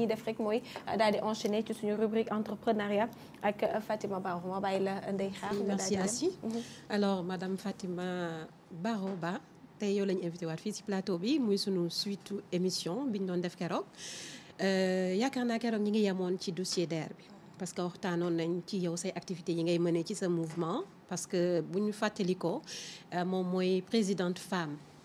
Ni def rek mooy euh, daal di enchaîner ci suñu rubrique entrepreneuriat ak euh, Fatima Baro ma bàyyi la ndey xaar. merci Assi mhm. alors madame Fatima Baro Ba tey yow la invité waat fii ci plateau bi muy suñu suite émission bi ñu doon def keroog euh, yaakaar naa keroog ñi ngi yemoon ci dossier d'air bi. parce que waxtaanoon nañ ci yow say activités yi ngay mënee ci sa mouvement parce que bu ñu fàttalikoo moom mooy présidente femme.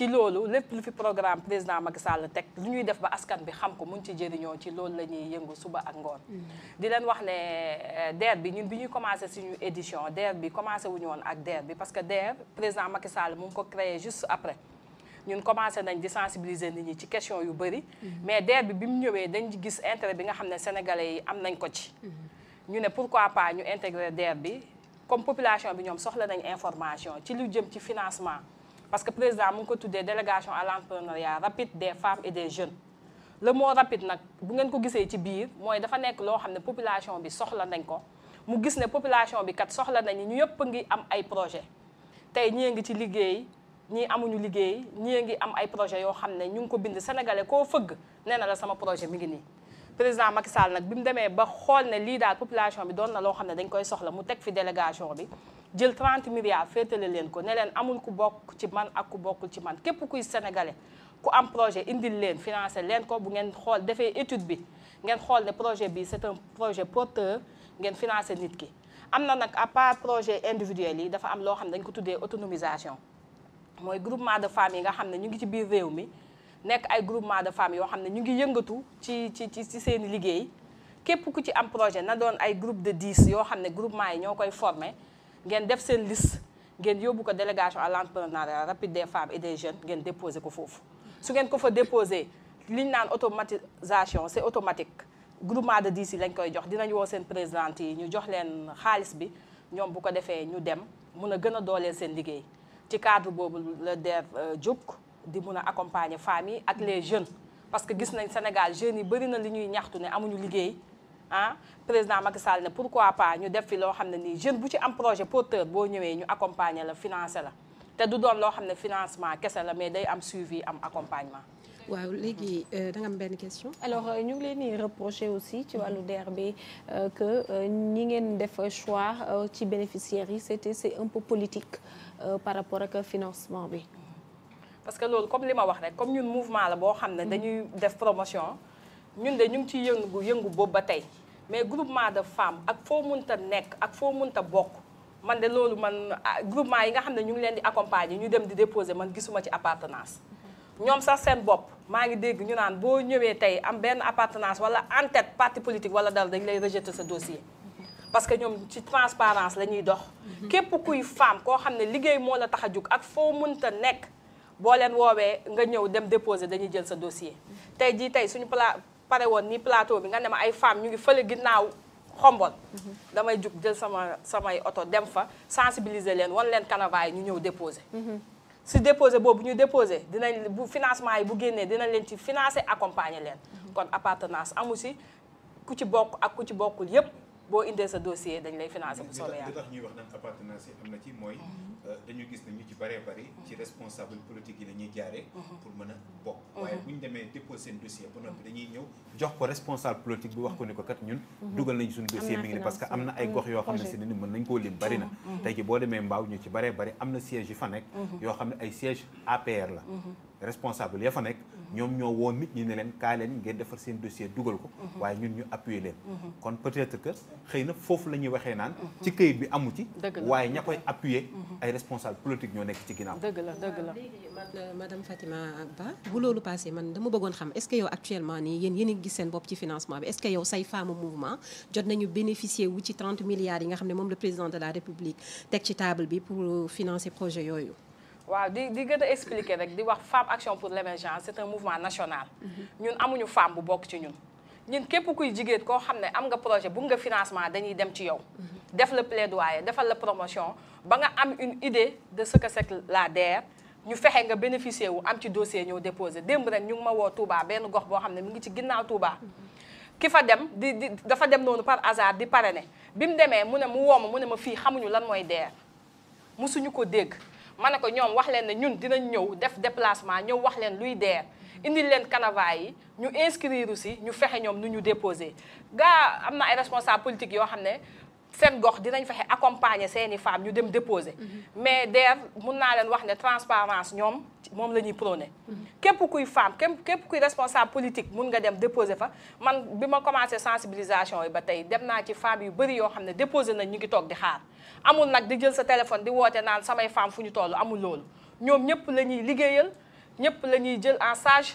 ci loolu lépp lu fi programme président Macky Sall teg lu ñuy def ba askan bi xam ko mun ci jëriñoo ci loolu la ñuy yëngu suba ak ngoon. Mm. di leen wax ne eh, DER bi ñun bi ñuy commencé suñu édition DER bi commencé wuñu woon ak DER bi parce que DER président Macky Sall mu ngi ko créé juste après. ñun commencé nañ di sensibiliser nit ñi ci question yu bëri. Mm. mais DER bi bi mu ñëwee dañ gis intérêt bi nga xam ne sénégalais yi am nañ ko ci. Mm. ñu ne pourquoi pas ñu intégrer DER bi comme population bi ñoom soxla nañ information ci lu jëm ci financement parce que président mu ngi ko tuddee délégation à l'entrepreneuriat rapide des femmes et des jeunes le mot rapide nag bu ngeen ko gisee ci biir mooy dafa nekk loo xam ne population bi soxla nañ ko mu gis ne population bi kat soxla nañu ñu yëpp ngi am ay projet tey ñii ngi ci liggéey ñii amuñu liggéey ñi ngi am ay projet yo xamné ñu ko bind sénégalais ko feug nee na la sama projet mi ngi nii président Macky Sall nag bi mu ba xool ne lii population bi doon na loo xam dañ koy soxla mu teg fi délégation bi jël trente milliards féetale leen ko ne leen amul ku bokk ci man ak ku bokkul ci man képp kuy sénégalais ku am projet indil leen financé leen ko bu ngeen xool defee étude bi ngeen xool ne projet bi c'est un projet porteur ngeen financé nit ki am na nag à part projet individuel yi dafa am loo xam ne dañ ko tuddee autonomisation mooy groupement de femmes yi nga xam ne ñu ngi ci biir réew mi nekk ay groupement de femmes yoo xam ne ñu ngi yëngatu ci ci ci seeni liggéey képp ku ci am projet na doon ay groupe de 10 yoo xam ne groupement yi ñoo koy formé ngeen def seen liste à l'entrepreneuriat rapide des femmes et des jeunes ngeen déposé ko foofu su ko fa automatisation c'est automatique groupement de dix yi koy jox dinañ présidente yi ñu jox bi bu ko ñu dem a gën ci cadre boobu le DER euh, jóg di femmes les jeunes parce que gis nañ Sénégal jeunes yi na li ñuy ñaxtu ah président Macky Sall ne pourquoi pas ñu def fi lo xamné ne jeune bu ci am projet porteur bo ñëwé ñu accompagner la financer la té du doon lo xamné financement kese la mais day am suivi am accompagnement. waaw Légui euh, da nga am question. alors euh, ñu ngi leen reprocher aussi ci vois DER euh, que euh, ñi ngeen def choix ci bénéficiaires c'était c'est un peu politique par rapport ak financement bi. parce que comme je l'ai wax rek comme ñun mouvement la boo des promotions mm-hmm. dañuy def promotion ñun qui ñu ngi ciy yëngu yëngu mais groupement de femme ak foo munta nekk ak foo munta bokk man de loolu man ah, groupement yi nga xam ne ñu ngi leen di accompagner ñu dem di déposer man gisuma ci appartenance ñoom sax seen bopp maa ngi dégg ñu naan boo ñëwee tey am benn appartenance wala en tête parti politique wala dara dañ lay rejeter sa dossier parce que ñoom ci transparence la ñuy dox képp kuy femme koo xam ne liggéey moo la tax a jug ak foo munta nekk boo leen woowee nga ñëw dem déposer dañuy jël sa dossier tey jii tey suñu pla paré woon ni plateau bi nga ne ay femme ñu ngi feulé ginnaw xombol mhm. damay juk jël sama samay auto dem fa sensibiliser leen won leen canevas ñu ñëw déposer mhm. si déposer bobu ñu déposer dinañ bu financement yi bu génnee dinañ leen ci financer accompagner leen mhm. kon appartenance amu si ku ci bokk ak ku ci bokul yépp boo indee sa dossier dañ lay financer bu soobee yàlla. li tax ñuy wax naan appartenance yi ci mooy. Mhm. dañu gis ne ci bëree mhm. ci responsable politique yi la ñuy jaaree. Mhm. pour mën a bokk. waaye bu ñu demee déposer seen dossier ba noppi ñëw jox ko responsable politique bi wax ko ni ko ñun. dugal nañ suñu dossier bi ngi ni parce que am na ay gox yoo xam ne si ne ni mën nañ koo lim bari na. tey boo demee Mbaaw ñu ci bëree bëri am na siège yu fa nekk. yoo xam ne ay siège APR la. responsable ya fa nekk. ñom ñoo wo nit ñi ne leen kaa leen ngeen defar seen dossier duggal ko mhm. waye ñun ñu appuyer leen mhm. kon peut-être que xeyna fofu foofu la naan ci keuy bi amu ci waye ñakoy appuyer mhm. ay responsable politique ñoo nekk ci ginnaaw deug la deug la euh, madame Fatima Ba bu loolu passé man dama bëggoon xam est-ce que yow actuellement ni yeen yeen a gis seen bopp ci financement bi est-ce que yow say femme mouvement jot nañu bénéficier wu ci 30 milliards yi nga xam ne moom le président de la république tek ci table bi pour financer projet yoyu waaw di di gën expliquer rek di wax femme action pour l'émergence c'est un mouvement national. ñun amuñu femme bu bokk ci ñun. ñun képp kuy jigéen koo xam ne am nga projet bu nga financement dañuy dem ci yow. def la plaidoyer defal la promotion ba nga am une idée de ce que c'est la DER. ñu fexe nga bénéficier wu am ci dossier ñëw déposé démb rek ñu ngi ma woo Touba benn gox boo xam ne mu ngi ci ginnaaw Touba. ki fa dem di dafa dem noonu par hasard di parrainé bim démé demee mu ne mu woo ma mu ne ma fii xamuñu lan moy DER mosuñu ko dégg. ma ne ko ñoom wax leen ne ñun dinañ ñëw def déplacement ñëw wax leen luy deer indil leen canevas yi ñu inscrire si ñu fexe ñoom nu ñu déposé gaa am na ay responsable politique yoo xam ne sen gox dinañ fexe accompagner seeni femme ñu dem déposer. Mhm. mais DER mun naa leen wax né transparence ñom mom lañuy ñuy prôné. Mhm. képp kuy femme képp kuy responsable politique mën nga dem déposer fa man bima commencé sensibilisation yi ba tay dem na ci femme yu bëri yo xamné déposer nañ ñu ngi tok di xaar amul nak di jël sa téléphone di woté naan samay femme fu ñu toll amul lool ñom ñëpp lañuy ñuy liggéeyal ñëpp lañuy jël en charge.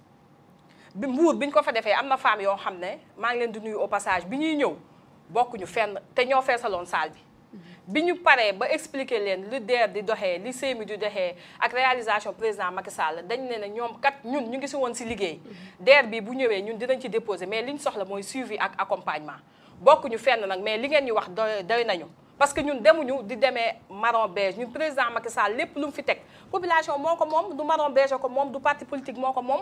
bi mbuur bi ñu ko fa defee am na femmes yoo xam ne maa ngi leen di nuyu au passage bi ñuy ñëw bokkuñu fenn te ñoo feesaloon salle bi. bi ñu ba expliquer leen li di doxee lycée CMU di doxee ak réalisation président Macky Sall dañ ne ne kat ñun ñu ngi si won si liggéey. DER bi bu ñëwee ñun dinañ ci déposer mais li ñu soxla mooy suivi ak accompagnement. bokkuñu fenn nag mais li ngeen ñu wax doy doy nañu parce que ñun demuñu di demee marron beige ñun président Macky Sall lépp lu mu fi teg population moko mom du marron beige ko mom du parti politique moko mom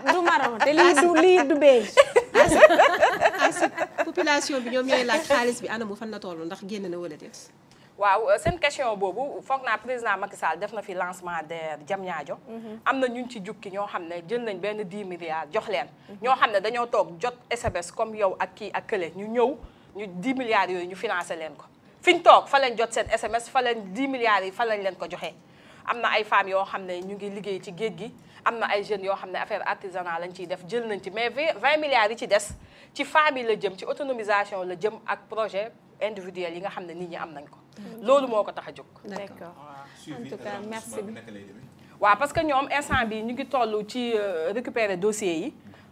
te lii du lii du population bi ñoom ñooy laaj xaalis bi anamu fan na toll ndax génne na wala déet. waaw euh, seen question boobu foog naa président Macky Sall def na fi lancement DER Diamniadio mhm. am na ñu ci jukki ñoo xam ne jël nañ benn 10 milliards jox leen. ñoo xam ne dañoo toog jot SMS comme yow ak kii ak kële ñu ñëw ñu 10 milliards yooyu ñu financé leen ko. fi ñu toog fa leen jot seen SMS fa leen 10 milliards yi fa lañ leen ko joxee am na ay femmes yoo xam ne ñu ngi liggéey ci géej gi. am ay jeunes yo xamné affaire artisanale lañ ci def jël nañ ci mais 20 milliards yi ci dess ci famille la jëm ci autonomisation la jëm ak projet individuel yi nga xamné nit ñi am nañ ko mm-hmm. lolu moko ko tax d'accord en tout cas merci wa parce que ñom instant bi ñu ngi tollu ci euh, récupérer dossier yi